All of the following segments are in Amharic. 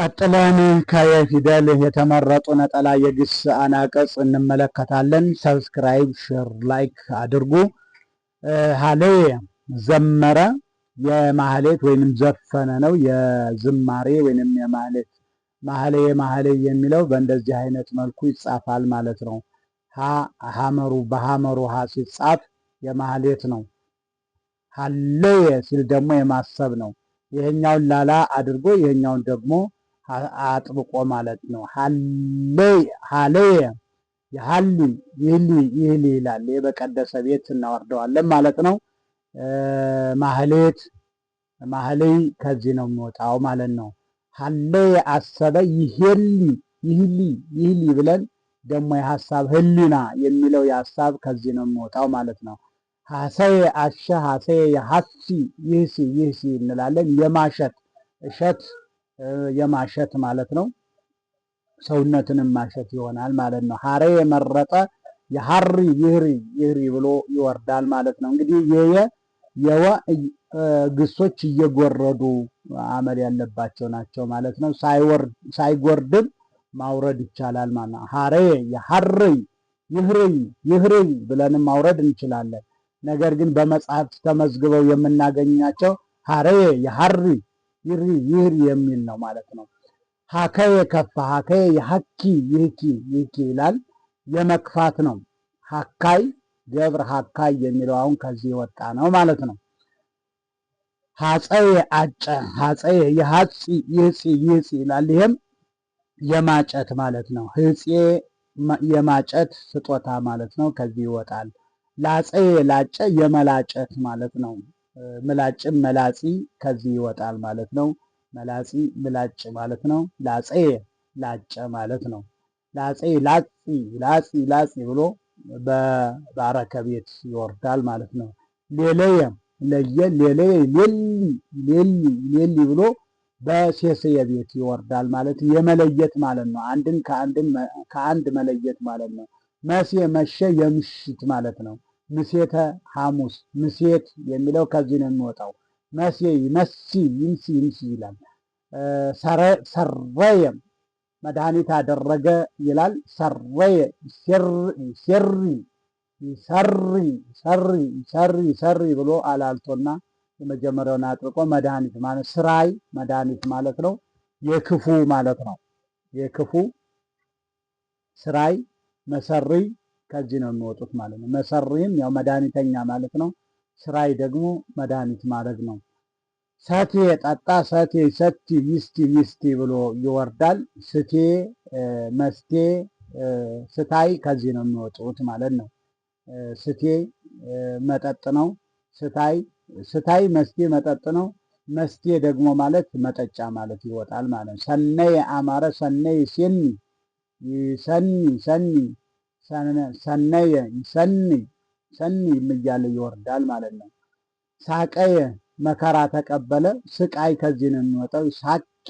ቀጥለን ከየ ፊደል የተመረጡ ነጠላ የግስ አናቅጽ እንመለከታለን። ሰብስክራይብ፣ ሼር፣ ላይክ አድርጉ። ሀሌ ዘመረ የማህሌት ወይንም ዘፈነ ነው። የዝማሬ ወይንም የማህሌት ማህሌ ማህሌ የሚለው በእንደዚህ አይነት መልኩ ይጻፋል ማለት ነው። ሀመሩ በሀመሩ ሀ ሲጻፍ የማህሌት ነው። ሀሌ ሲል ደግሞ የማሰብ ነው። ይህኛውን ላላ አድርጎ ይህኛውን ደግሞ አጥብቆ ማለት ነው። ሀለየ የሀሊም ይህሊ ይህሊ ይላል። በቀደሰ ቤት እናወርደዋለን ማለት ነው። ማህሌት ማህሌ ከዚህ ነው የሚወጣው ማለት ነው። ሀለየ አሰበ ይሄሊ ይህሊ ይህሊ ብለን ደግሞ የሀሳብ ህሊና የሚለው የሀሳብ ከዚህ ነው የሚወጣው ማለት ነው። ሀሰየ አሸ ሀሰየ የሀሲ ይህሲ ይህሲ እንላለን። የማሸት እሸት የማሸት ማለት ነው። ሰውነትንም ማሸት ይሆናል ማለት ነው። ሀሬ የመረጠ የሀሪ ይህሪ ይህሪ ብሎ ይወርዳል ማለት ነው። እንግዲህ የየ የወ ግሶች እየጎረዱ አመል ያለባቸው ናቸው ማለት ነው። ሳይጎርድም ማውረድ ይቻላል ማለት ነው። ሀሬ የሀሪ ይህሪ ይህሪ ብለንም ማውረድ እንችላለን። ነገር ግን በመጽሐፍት ተመዝግበው የምናገኛቸው ሀሬ የሀሪ ይሪ ይህሪ የሚል ነው ማለት ነው። ሀከየ ከፋ ሀከየ የሀኪ ይህኪ ይህኪ ይላል የመክፋት ነው። ሀካይ ገብር ሀካይ የሚለው አሁን ከዚህ የወጣ ነው ማለት ነው። ሀፀየ አጨ ሀፀየ የሀፂ ይህፂ ይህፂ ይላል ይህም የማጨት ማለት ነው። ህፄ የማጨት ስጦታ ማለት ነው። ከዚህ ይወጣል። ላፀየ ላጨ የመላጨት ማለት ነው። ምላጭም መላጺ ከዚህ ይወጣል ማለት ነው። መላጺ ምላጭ ማለት ነው። ላጼ ላጨ ማለት ነው። ላጼ ላጺ ላጺ ላጺ ብሎ በባረከ ቤት ይወርዳል ማለት ነው። ሌለየ ለየ ሌለየ ሌሊ ሌሊ ሌሊ ብሎ በሴስየ ቤት ይወርዳል ማለት የመለየት ማለት ነው። አንድን ከአንድ መለየት ማለት ነው። መሴ መሸ የምሽት ማለት ነው። ምሴተ ሐሙስ ምሴት የሚለው ከዚህ ነው የሚወጣው። መሴ ይመሲ ይምሲ ይምሲ ይላል። ሰረየም መድኃኒት አደረገ ይላል። ሰረየ ይሰሪ ይሰሪ ሰሪ ይሰሪ ይሰሪ ብሎ አላልቶና የመጀመሪያውን አጥርቆ መድኃኒት ማለት ስራይ መድኃኒት ማለት ነው። የክፉ ማለት ነው። የክፉ ስራይ መሰሪ ከዚህ ነው የሚወጡት ማለት ነው። መሰሪህም ያው መድኃኒተኛ ማለት ነው። ስራይ ደግሞ መድኃኒት ማድረግ ነው። ሰቴ ጠጣ፣ ሰቴ ሰቲ፣ ሚስቲ ሚስቲ ብሎ ይወርዳል። ስቴ መስቴ ስታይ ከዚህ ነው የሚወጡት ማለት ነው። ስቴ መጠጥ ነው። ስታይ ስታይ መስቴ መጠጥ ነው። መስቴ ደግሞ ማለት መጠጫ ማለት ይወጣል ማለት ነው። ሰነይ አማረ ሰነይ ሴኒ ሰኒ ሰኒ ሰነየ ሰኒ ሰኒ እያለ ይወርዳል ማለት ነው። ሳቀየ መከራ ተቀበለ። ስቃይ ከዚህ ነው የሚወጣው። ሳቂ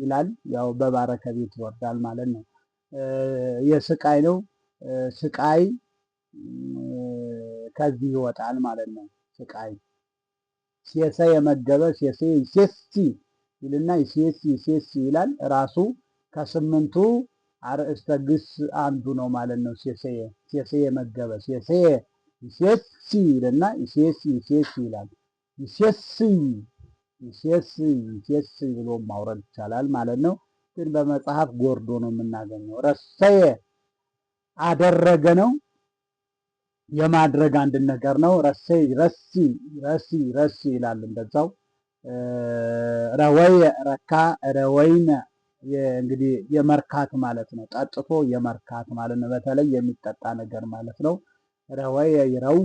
ይላል። ያው በባረከ ቤት ይወርዳል ማለት ነው። የስቃይ ነው። ስቃይ ከዚህ ይወጣል ማለት ነው። ስቃይ ሴሰ የመገበ ሴሴ ሴሲ ይልና ሴሲ ሴሲ ይላል ራሱ ከስምንቱ አርእስተ ግስ አንዱ ነው ማለት ነው። ሴሰየ ሴሰየ መገበ ሴሰየ ይሴሲ ይልና ይሴሲ ይሴሲ ይላል። ይሴሲ ይሴሲ ይሴሲ ብሎ ማውረድ ይቻላል ማለት ነው። ግን በመጽሐፍ ጎርዶ ነው የምናገኘው። ረሰየ አደረገ ነው የማድረግ አንድ ነገር ነው። ረሰ ረሲ ረሲ ረሲ ይላል እንደዛው። ረወየ ረካ ረወይነ እንግዲህ የመርካት ማለት ነው። ጠጥቶ የመርካት ማለት ነው። በተለይ የሚጠጣ ነገር ማለት ነው። ረወየ ይረዊ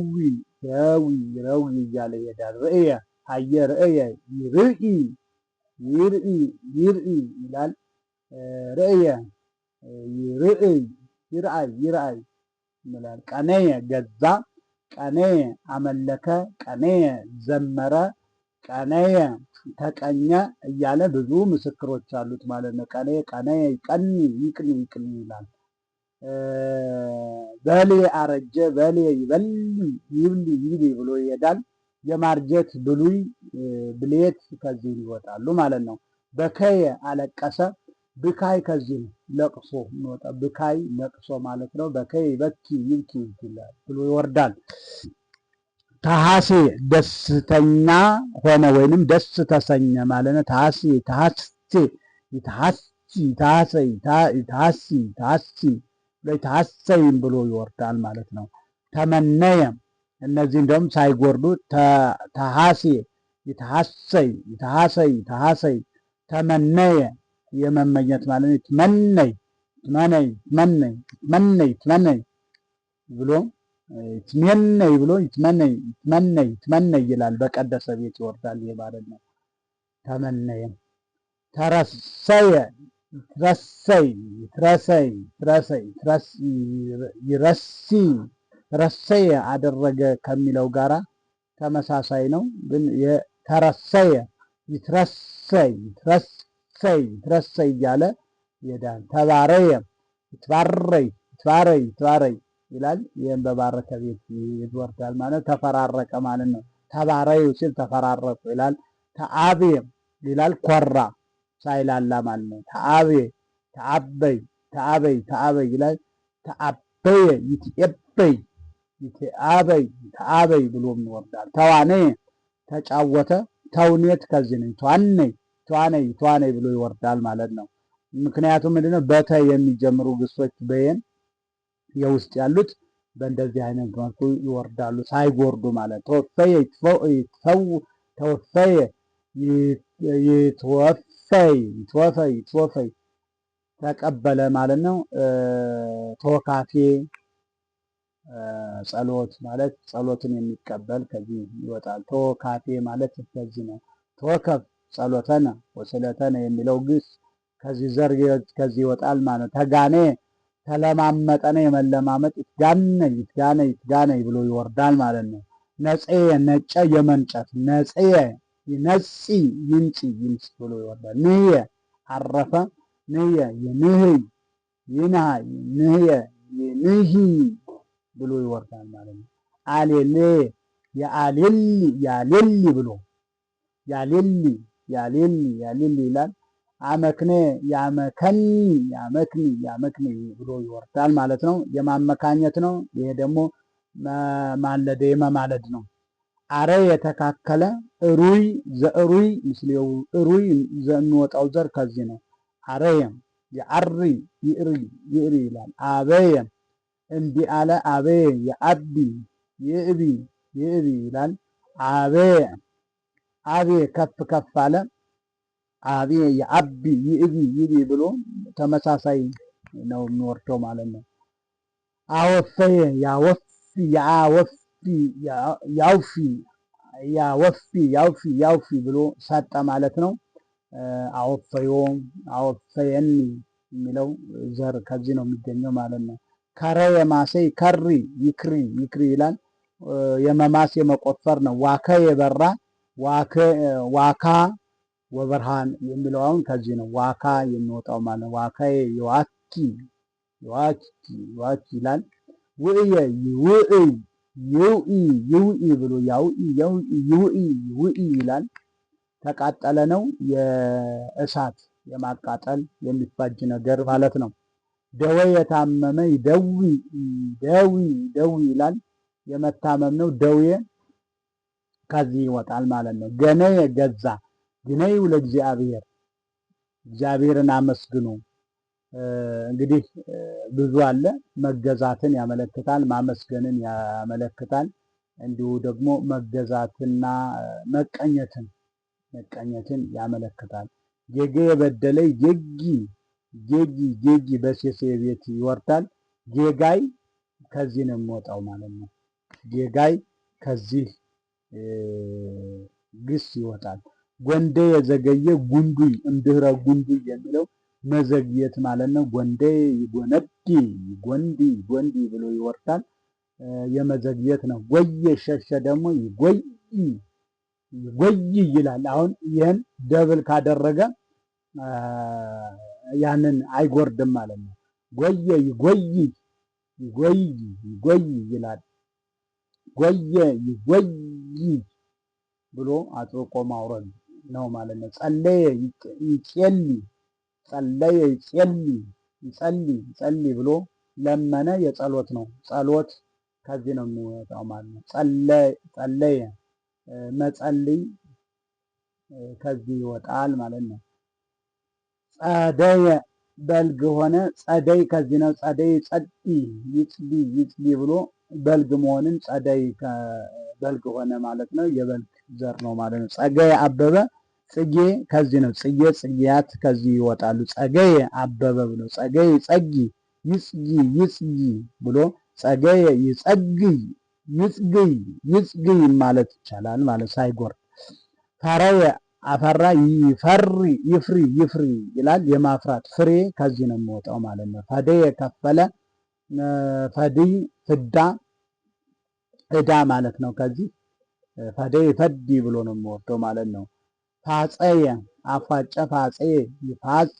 ረዊ ይረዊ እያለ ይሄዳል። ርእየ ሀየ ርእየ ይርኢ ይርኢ ይርኢ ይላል። ርእየ ይርኢ ይርአይ ይርአይ ይላል። ቀነየ ገዛ ቀነየ አመለከ ቀነየ ዘመረ ቀነየ ተቀኘ እያለ ብዙ ምስክሮች አሉት ማለት ነው። ቀኔ ቀኔ ቀኒ ይቅኒ ይቅኒ ይላል። በሌ አረጀ በሌ ይበል ይብል ይብል ብሎ ይሄዳል። የማርጀት ብሉይ ብሌት ከዚህ ይወጣሉ ማለት ነው። በከየ አለቀሰ ብካይ ከዚህ ለቅሶ ብካይ ለቅሶ ማለት ነው። በከይ በኪ ይብኪ ብሎ ይወርዳል። ታሐሴ ደስተኛ ሆነ ወይንም ደስ ተሰኘ ማለት ነው። ታሐሴ ታሐሴ ታሐሲ ታሐሲ ታሐሲ ታሐሰይም ብሎ ይወርዳል ማለት ነው። ተመነየ እነዚህ እንደውም ሳይጎርዱ ታሐሴ ታሐሰይ ታሐሰይ ታሐሰይ ተመነየ የመመኘት ማለት ነው። ትመነይ ትመነይ ትመነይ ትመነይ ብሎ ይትመነይ ብሎ ይትመነይ ይትመነይ ይትመነይ ይላል። በቀደሰ ቤት ይወርዳል። ይሄ ማለት ነው። ተመነየ ተረሰየ ይትረሰይ ይትረሰይ ይትረሰይ ይረሲ ረሰየ አደረገ ከሚለው ጋራ ተመሳሳይ ነው። ግን የተረሰየ ይትረሰይ ይትረሰይ ይትረሰይ እያለ ይሄዳል። ተባረየ ይትባረይ ይትባረይ ይትባረይ ይላል። ይህም በባረከ ቤት ይወርዳል ማለት ተፈራረቀ ማለት ነው። ተባረዩ ሲል ተፈራረቁ ይላል። ተአቤ ይላል ኮራ ሳይላላ ማለት ነው። ተአቤ ተአበይ ተአበይ ተአበይ ይላል። ተአበየ ይትኤበይ ይትአበይ ተአበይ ብሎም ይወርዳል። ተዋነየ ተጫወተ ተውኔት ከዚህ ነኝ ተዋነይ ተዋነይ ተዋነይ ብሎ ይወርዳል ማለት ነው። ምክንያቱም ምንድነው በተ የሚጀምሩ ግሶች በየን የውስጥ ያሉት በእንደዚህ አይነት መልኩ ይወርዳሉ፣ ሳይጎርዱ ማለት ተወፈየ ይትፈው ተወፈየ ይትወፈይ ይትወፈይ ይትወፈይ ተቀበለ ማለት ነው። ተወካፌ ጸሎት ማለት ጸሎትን የሚቀበል ከዚህ ይወጣል። ተወካፌ ማለት ከዚህ ነው። ተወከፍ ጸሎተነ ወስለተነ የሚለው ግስ ከዚህ ዘር ከዚህ ይወጣል ማለት ተጋኔ ተለማመጠ ነው የመለማመጥ ይትጋነይ ይትጋነይ ይትጋነይ ብሎ ይወርዳል ማለት ነው። ነጽየ ነጨ የመንጨት ነጽየ ነጽ ይንጽ ይንጽ ብሎ ይወርዳል። ንህየ አረፈ ንህየ የንህይ ይንሃ ንህየ የንሂ ብሎ ይወርዳል ማለት ነው። አሌሌ የአሌሊ ያሌሊ ብሎ ያሌሊ ያሌሊ ያሌሊ ይላል። አመክነ ያመከኒ ያመክኒ ያመክኒ ብሎ ይወርዳል ማለት ነው። የማመካኘት ነው። ይሄ ደግሞ ማለደ የመማለድ ነው። አረ የተካከለ እሩይ ዘእሩይ ምስሌው እሩይ ዘሚወጣው ዘር ከዚህ ነው። አረየ የአሪ ይእሪ ይእሪ ይላል። አበየ እንዲ አለ አበየ የአቢ ይእቢ ይእቢ ይላል። አበየ አቤ ከፍ ከፍ አለ አቤ የአቢ ይእቢ ይቢ ብሎ ተመሳሳይ ነው የሚወርደው ማለት ነው። አወፈየ ያወፊ ያወፊ ያውፊ ያወፊ ያውፊ ያውፊ ብሎ ሰጠ ማለት ነው። አወፈዮ አወፈየኒ የሚለው ዘር ከዚህ ነው የሚገኘው ማለት ነው። ከረ የማሰይ ከሪ ይክሪ ይክሪ ይላል። የመማስ የመቆፈር ነው። ዋከ የበራ ዋካ ወበርሃን የሚለው አሁን ከዚህ ነው። ዋካ የሚወጣው ማለት ዋካ የዋኪ የዋኪ የዋኪ ይላል። ውእየ ይውእ ይውኢ ይውኢ ብሎ ያውኢ ይውኢ ይውኢ ይላል። ተቃጠለ ነው የእሳት የማቃጠል የሚፋጅ ነገር ማለት ነው። ደዌ የታመመ ደዊ ደዊ ደዊ ይላል። የመታመም ነው ደዌ ከዚህ ይወጣል ማለት ነው። ገነየ ገዛ ግነዩ ለእግዚአብሔር እግዚአብሔርን አመስግኑ። እንግዲህ ብዙ አለ። መገዛትን ያመለክታል፣ ማመስገንን ያመለክታል። እንዲሁ ደግሞ መገዛትና መቀኘትን መቀኘትን ያመለክታል። ጌጌ የበደለይ ጌጊ ጌጊ ጌጊ በሴሴ ቤት ይወርዳል። ጌጋይ ከዚህ ነው የሚወጣው ማለት ነው። ጌጋይ ከዚህ ግስ ይወጣል። ጎንደ የዘገየ ጉንዱይ እምድህረ ጉንዱይ የሚለው መዘግየት ማለት ነው። ጎንደ ጎነዲ ጎንዲ ጎንዲ ብሎ ይወርዳል። የመዘግየት ነው። ጎየ ሸሸ ደግሞ ይጎይ ይላል። አሁን ይህን ደብል ካደረገ ያንን አይጎርድም ማለት ነው። ጎየ ይጎይ ይጎይ ይጎይ ይላል። ጎየ ይጎይ ብሎ አጥብቆ ማውረድ ነው ማለት ነው። ጸለየ ይጸሊ ጸለየ ይጸሊ ይጸሊ ይጸሊ ብሎ ለመነ የጸሎት ነው። ጸሎት ከዚህ ነው የሚወጣው ማለት ነው። ጸለየ መጸልይ ከዚህ ይወጣል ማለት ነው። ጸደየ በልግ ሆነ። ጸደይ ከዚህ ነው። ጸደይ ጸዲ ይጽሊ ይጽሊ ብሎ በልግ መሆንን ጸደይ በልግ ሆነ ማለት ነው። የበልግ ዘር ነው ማለት ነው። ጸጋዬ አበበ ጽጌ ከዚህ ነው። ጽጌ ጽጌያት ከዚህ ይወጣሉ። ጸገየ አበበ ብሎ ጸገየ ጸጊ ይጽጊ ይጽጊ ብሎ ጸገየ ይጸግይ ይጽግይ ይጽግይ ማለት ይቻላል። ማለት ሳይጎር ፈረየ አፈራ ይፈሪ ይፍሪ ይፍሪ ይላል። የማፍራት ፍሬ ከዚህ ነው የሚወጣው ማለት ነው። ፈደየ ከፈለ ፈድይ ፍዳ እዳ ማለት ነው። ከዚህ ፈደይ ፈዲ ብሎ ነው የሚወርደው ማለት ነው። ፋፀየ አፏጨ ፋፄ ይፋጺ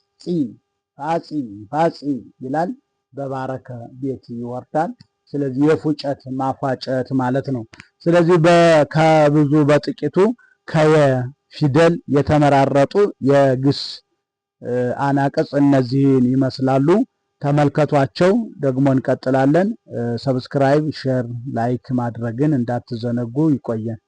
ፋጺ ይፋጺ ይላል። በባረከ ቤት ይወርዳል። ስለዚህ የፉጨት ማፏጨት ማለት ነው። ስለዚህ ከብዙ በጥቂቱ ከየ ፊደል የተመራረጡ የግስ አናቅጽ እነዚህን ይመስላሉ። ተመልከቷቸው። ደግሞ እንቀጥላለን። ሰብስክራይብ፣ ሼር፣ ላይክ ማድረግን እንዳትዘነጉ። ይቆየን።